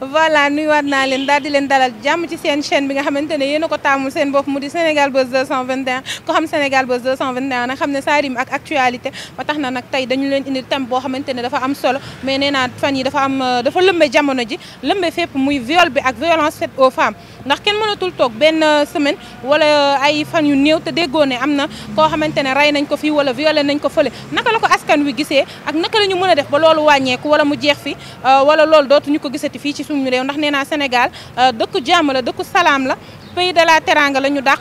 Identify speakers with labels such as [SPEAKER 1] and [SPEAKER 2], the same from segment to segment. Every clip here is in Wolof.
[SPEAKER 1] voilà nuyuwaat naa leen daal di leen dalal jàmm ci seen chaîne bi nga xamante ne yéen ko taamul seen bopp mu di Sénégal Buzz 221 ko xam Sénégal Buzz 221 ne saa rim tax na nag tey dañu leen indi thème boo xamante ne dafa am solo mais nee naa fan yi dafa am euh, dafa lëmbe jamono ji lëmbe fépp muy viol bi ak violence faite aux femmes ndax kenn mënatul toog benn euh, semaine wala euh, ay fan yu néew te déggoo ne am na koo xamante ne rey nañ ko fii wala violé nañ ko fële naka la ko askan wi gisee ak naka la ñu mën a def ba loolu wàññeeku wala mu jeex fi wala loolu dootuñu ko gisati fii ci suñu ndax nee naa Sénégal euh, dëkk jàmm la dëkk salaam la pays de la teranga la ñu ba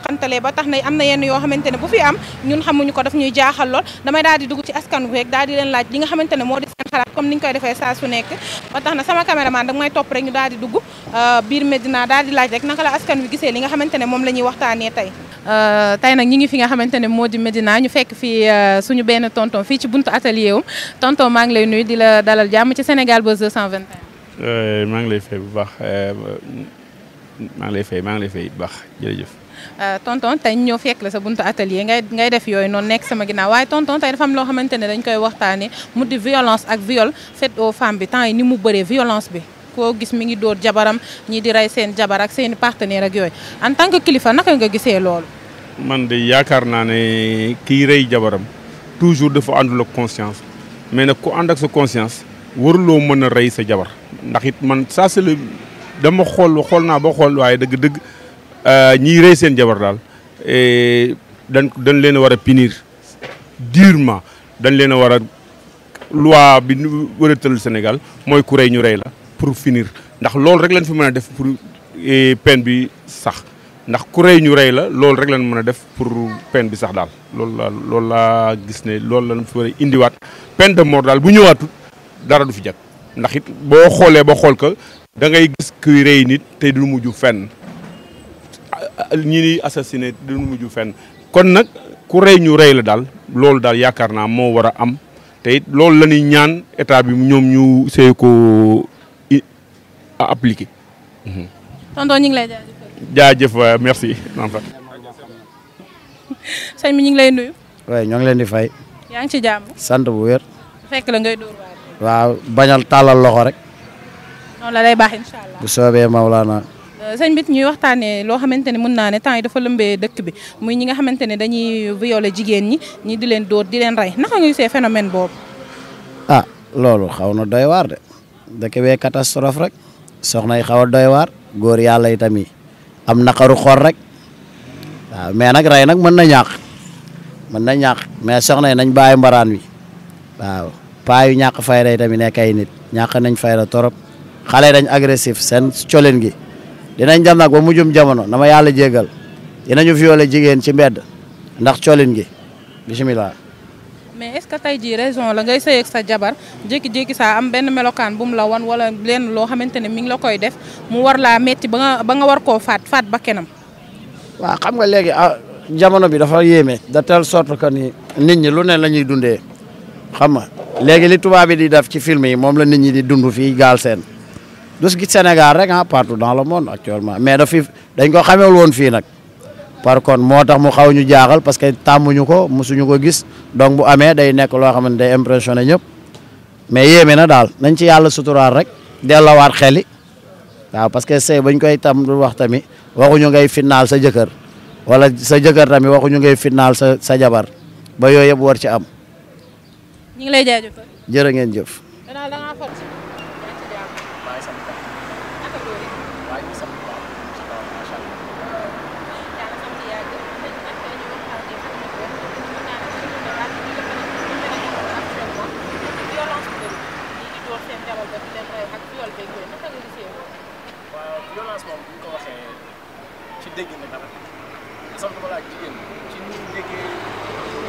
[SPEAKER 1] tax na am na yenn yoo xamante ne bu fi am ñun xamuñu ko daf ñuy jaaxal lool damay daal di dugg ci askan wi rek daal di laaj li nga ne moo di seen xalaat comme ni ñu koy su nekk ba na sama caméraman da may topp rek daal di dugg euh, biir Médina daal di laaj rek naka la askan wi gisee li nga xamante ne moom la ñuy waxtaanee tey euh, tey nag ñi ngi fi nga xamante ne moo di Médina ñu fekk fii suñu benn tonton fii ci bunt atelier um tonton maa ngi lay nuyu di la dalal jàmm ci Sénégal Buzz 221
[SPEAKER 2] Euh, maa ngi lay fay bu baax euh, maa ngi lay fay bu baax jërëjëf.
[SPEAKER 1] Euh, tonton tey ñu ñëw fekk la sa buntu atelier ngay ngay def yooyu noonu nekk sama ginnaaw waaye tonton tey dafa am loo xamante ne dañ koy waxtaanee mu di violence ak viol faite aux femmes bi temps yi ni mu bëree violence bi. koo gis mi ngi door jabaram ñii di rey seen jabar ak seen partenaire ak yooyu en tant que kilifa naka nga gisee loolu.
[SPEAKER 2] man de yaakaar naa ne kii rey jabaram toujours dafa àndul la conscience mais nag ko ànd ak sa conscience waruloo mën a rey sa jabar ndax it man saa si la dama xool xool naa ba xool waaye dëgg-dëgg euh, ñii rey seen jabar daal dañ dañ leen a war a punir durement dañ leen a war a loi bi ñu war a Sénégal mooy ku rey ñu rey la pour finir ndax loolu rek lañ fi mën a def pour peine bi sax ndax ku rey ñu rey la loolu rek lañ mën a def pour peine bi sax daal loolu loolu laa gis ne loolu lañ fi war a indiwaat peine de mort daal bu ñëwaatut dara du fi jag ndax it boo xoolee ba xool ko dangay gis kuy rey nit te du mujj fenn ñi ni assassiné du mujj fenn kon nag ku rey ñu rey la daal loolu daal yaakaar naa moo war a am te it loolu la ñuy ñaan état bi ñoom ñu see ko appliqué. Mhm.
[SPEAKER 1] tonton ñu ngi lay euh, ñu ngi nuyu.
[SPEAKER 2] waaye ñoo ngi leen di fay. yaa ngi ci jàmm. sant
[SPEAKER 3] bu wér. waaw bañal tàllal loxo rek.
[SPEAKER 1] noonu la lay baax incha
[SPEAKER 3] allah bu soobee Maulana.
[SPEAKER 1] Euh, sëñ bit ñuy waxtaanee loo xamante ne mun naa ne temps yi dafa lëmbee dëkk bi muy ñi nga xamante ne dañuy violer jigéen ñi ñi di leen door di leen rey naka ñu gisee phénomène boobu.
[SPEAKER 3] ah loolu xaw na doy waar de dëkk bee catastrophe rek soxna yi xaw a doy waar góor yàlla itam yi am naqaru xor rek waaw mais nag rey nag mën na ñàkk mën na ñàkk mais soxna yi nañ bàyyi mbaraan wi waaw. paa yu ñàkk fayda yi tamit nekk ay nit ñàkk nañ fayda torop xale dañ agressif seen colin gi dinañ dem nag ba mujjum jamono na ma yàlla jéggal dinañu violé jigéen ci mbedd ndax colin gi bisimilah.
[SPEAKER 1] mais est-ce que tey jii raison la ngay sëyeeg sa jabar jékki-jékki saa am benn melokaan bu mu la wan wala leen loo xamante ne mi ngi la koy def mu war laa metti ba nga ba nga war koo faat faat ba kenam. waaw
[SPEAKER 3] xam nga léegi ah, jamono bi dafa yéeme. de telle sorte que ni nit ñi lu ne la ñuy dundee xam nga léegi li tubaab bi di def ci film yi moom la nit ñi di dund fii Galsen du si Sénégal rek ah partout dans le monde actuellement mais daf fi dañ ko xamewul woon fii nag par contre moo tax mu xaw ñu jaaxal parce que tàmmuñu ko mosuñu ko gis donc bu amee day nekk loo xamante day impressionné ñëpp mais yéeme na daal nañ ci yàlla suturaal rek delloowaat xel yi waaw parce que sëy bañ koy tam du wax tamit waxuñu ngay finnaal sa jëkkër wala sa jëkkër tamit waxuñu ngay finnaal sa sa jabar ba yooyu yëpp ci am
[SPEAKER 1] ñu ngi lay jaajëfal.
[SPEAKER 3] jërë ngeen jëf.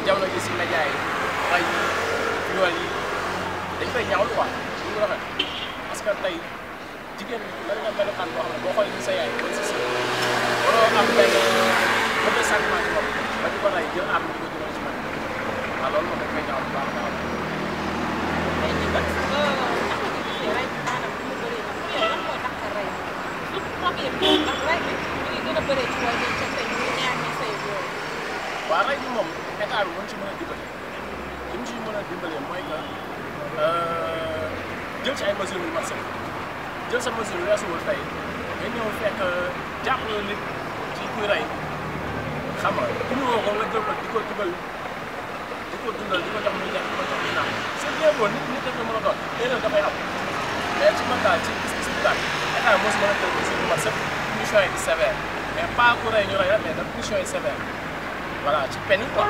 [SPEAKER 4] jamono ji si média yi viol yi dañ koy ñaawlu quoi ñu ngi rafet parce que tey jigéen mën nga melokaan boo xam ne boo xoolee sa yaay wala sa sœur waroo am benn mauvais sentiment ci moom ba ñu ko rey jël arme bi ko jëmal ci man waaw loolu moom dañ koy ñaawlu baax a baax. waaw rey bi moom état bi mën ci mën a dimbali mën a dimbalee mooy que euh, jël ci ay mesures yu mat sëkk jël sa mesure weesuwul tey nga ñëw fekk jàpp nit ci kuy rey xam nga ku ñu woo ko nga jël ko di ko dugal di ko dundal di ko jox muy nekk di ko jox muy naan c'est bien bon nit nit dafa mën a doon erreur dafay am mais ci mën daal ci gis-gis bu daal état moo si mën a jël mesure yu mat sëkk punition yi di sévère mais pas ku rey ñu rey la mais daf punition yi sévère voilà ci peine yi quoi.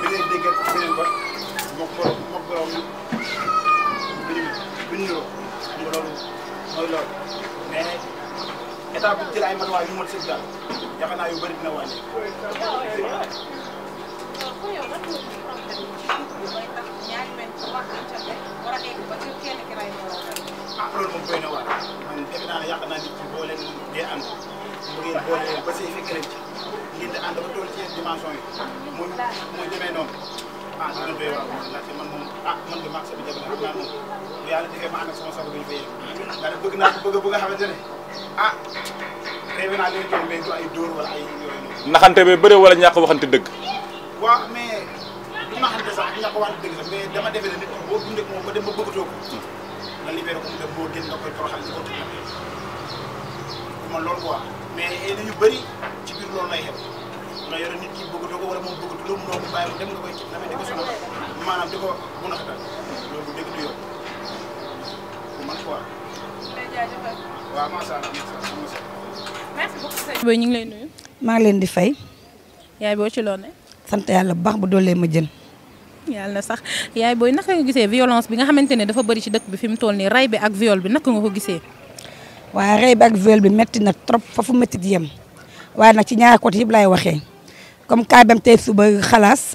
[SPEAKER 4] beneen dégg ak beneen ba mook borom mook borom biñ biñ niroo xam nga loolu mooy loolu mais état bu jël ay matuwaay yu mot sëg daal yaakaar naa yu bëri dina wàññi
[SPEAKER 1] ñaari men wax ca war a egg ba kenn ki ray ah
[SPEAKER 4] loolu moom ah, de a bëgg a xamante ne ah rêvé naa leen toog ay dóor wala ay yooyu noonu.
[SPEAKER 2] naxante bi bëre wala ñàkk waxante dëgg.
[SPEAKER 4] waaw mais du naxante sax ñàkk waxante dëgg sax mais dama defe ne nit boo dundee moom ba dem ba bëggatoo ko.
[SPEAKER 5] ñu ngi lay maa ngi leen di fay. yaay boo ci ne sant yàlla bu baax bu doolee ma jën.
[SPEAKER 1] yàlla na sax yaay booy naka nga gisee violence bi
[SPEAKER 5] nga xamante ne dafa bëri ci dëkk bi fi mu toll nii ray bi ak viol bi naka nga ko gise waaw rey bi ak viol bi métti na trop fa fu métti di yem waaye nag ci ñaari côté yëpp laay waxee comme kaa bam tey suba xalaas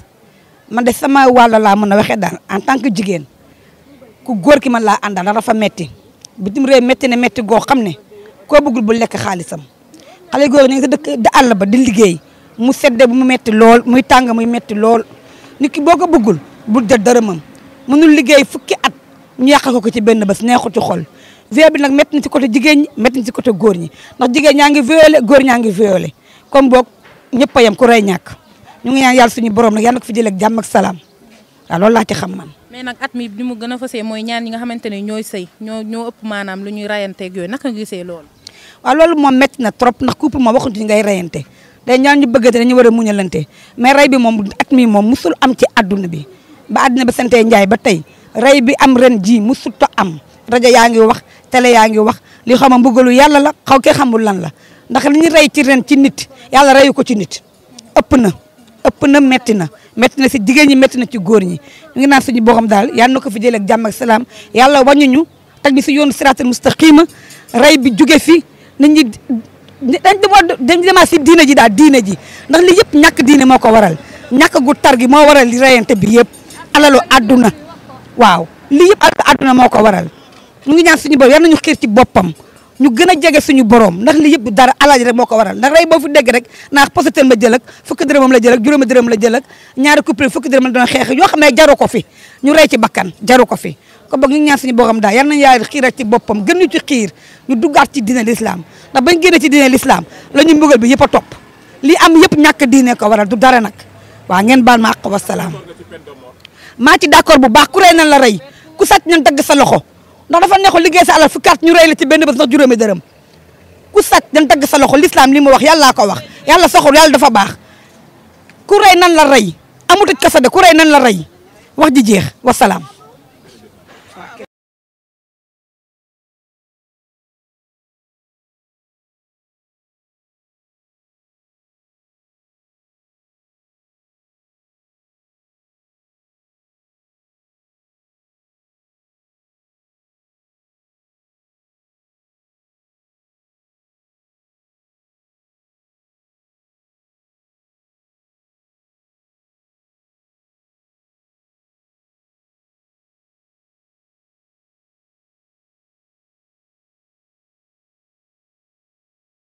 [SPEAKER 5] man de sama wàll laa mën a waxee daal en tant que jigéen ku gor ki man laa àndal dara fa métti bitim réew métti na métti goo xam ne ko bëggul bu lekk xaalisam xale góor ñi nga sa dëkk da àll ba di liggéey mu sedde bu mu métti lool muy tàng muy métti lool. nit ki boo ko bu bul jot dërëmam mënul liggéey fukki at ñu yàqal ko ko ci benn bés neexu ci xol viol bi nag métti na ci côté jigéen ñi métti ci côté góor ñi ndax jigéen ñaa ngi violé góor ñaa ngi violé comme boog ñëpp a yem ku rey ñàkk ñu ngi ñaan yàlla suñu borom nag yàlla ko fi jëlee ak jàmm ak salaam waaw loolu laa ci xam man.
[SPEAKER 1] mais nag at mi ni mu gën a fasee mooy ñaan ñi nga xamante ne ñooy sëy ñoo ñoo ëpp maanaam lu ñuy rayanteeg yooyu naka nga gisee loolu.
[SPEAKER 5] waaw loolu moom métti na trop ndax couple moom waxuñu ci ngay rayante day ñaan ñu bëggante dañu war a muñalante mais rey bi moom at mi moom musul am ci adduna bi ba adduna ba santee njaay ba tey rey bi am ren ji musul to am rajo yaa ngi wax télé yaa ngi wax li xaw ma mbugalu yàlla la xaw ke xamul lan la ndax li ñu rey ci ren ci nit yàlla reyu ko ci nit ëpp na ëpp na metti na métti na si jigéen ñi métti na ci góor ñi ñu ngi naan suñu boppam daal yàlla na ko fi jëlee ak jàmm ak salaam yàlla ñu teg bi si yoonu siraatal mustaqiima rey bi jóge fi nit dañ demoo dañ demaat si diine ji daal diine ji ndax li yëpp ñàkk diine moo ko waral ñàkk gu tar gi moo waral li reyante bi yëpp alalo àdduna waaw li yëpp alalu àdduna moo ko waral ñu ngi ñaan suñu borom yal ñu xiir ci boppam ñu gën a jege suñu borom ndax li yëpp dara alal rek moo ko waral ndax rey boo fi dégg rek naax posateen la jël ak fukki dërëmam la jël ak juróomi dërëm la jël ak ñaari couple fukk dërëm la doon xeex yoo xam ne jaru ko fi ñu rey ci bakkan jaru ko fi ko bëgg ñu ñaan suñu borom daal yal nañu yaay xiira ci boppam gën ñu ci xiir ñu duggaat ci diine l'islam ndax bañ génnee ci diine l'islam la ñu mbugal bi yëpp a topp li am yëpp ñàkk diine ko waral du dara nag waa ngeen baal ma àq wa ma maa ci d'accord bu baax ku rey nan la rey ku sàcc nan dagg sa loxo ndax dafa neexul liggéey sa alal fu kaat ñu rey la ci benn bés ndax juróomi dërëm ku sàcc dagg sa loxo l'islam li mu wax yàllaa ko wax yàlla soxul yàlla dafa baax ku rey nan la rey amutuj kasa de ku rey nan la rey wax ji jeex wa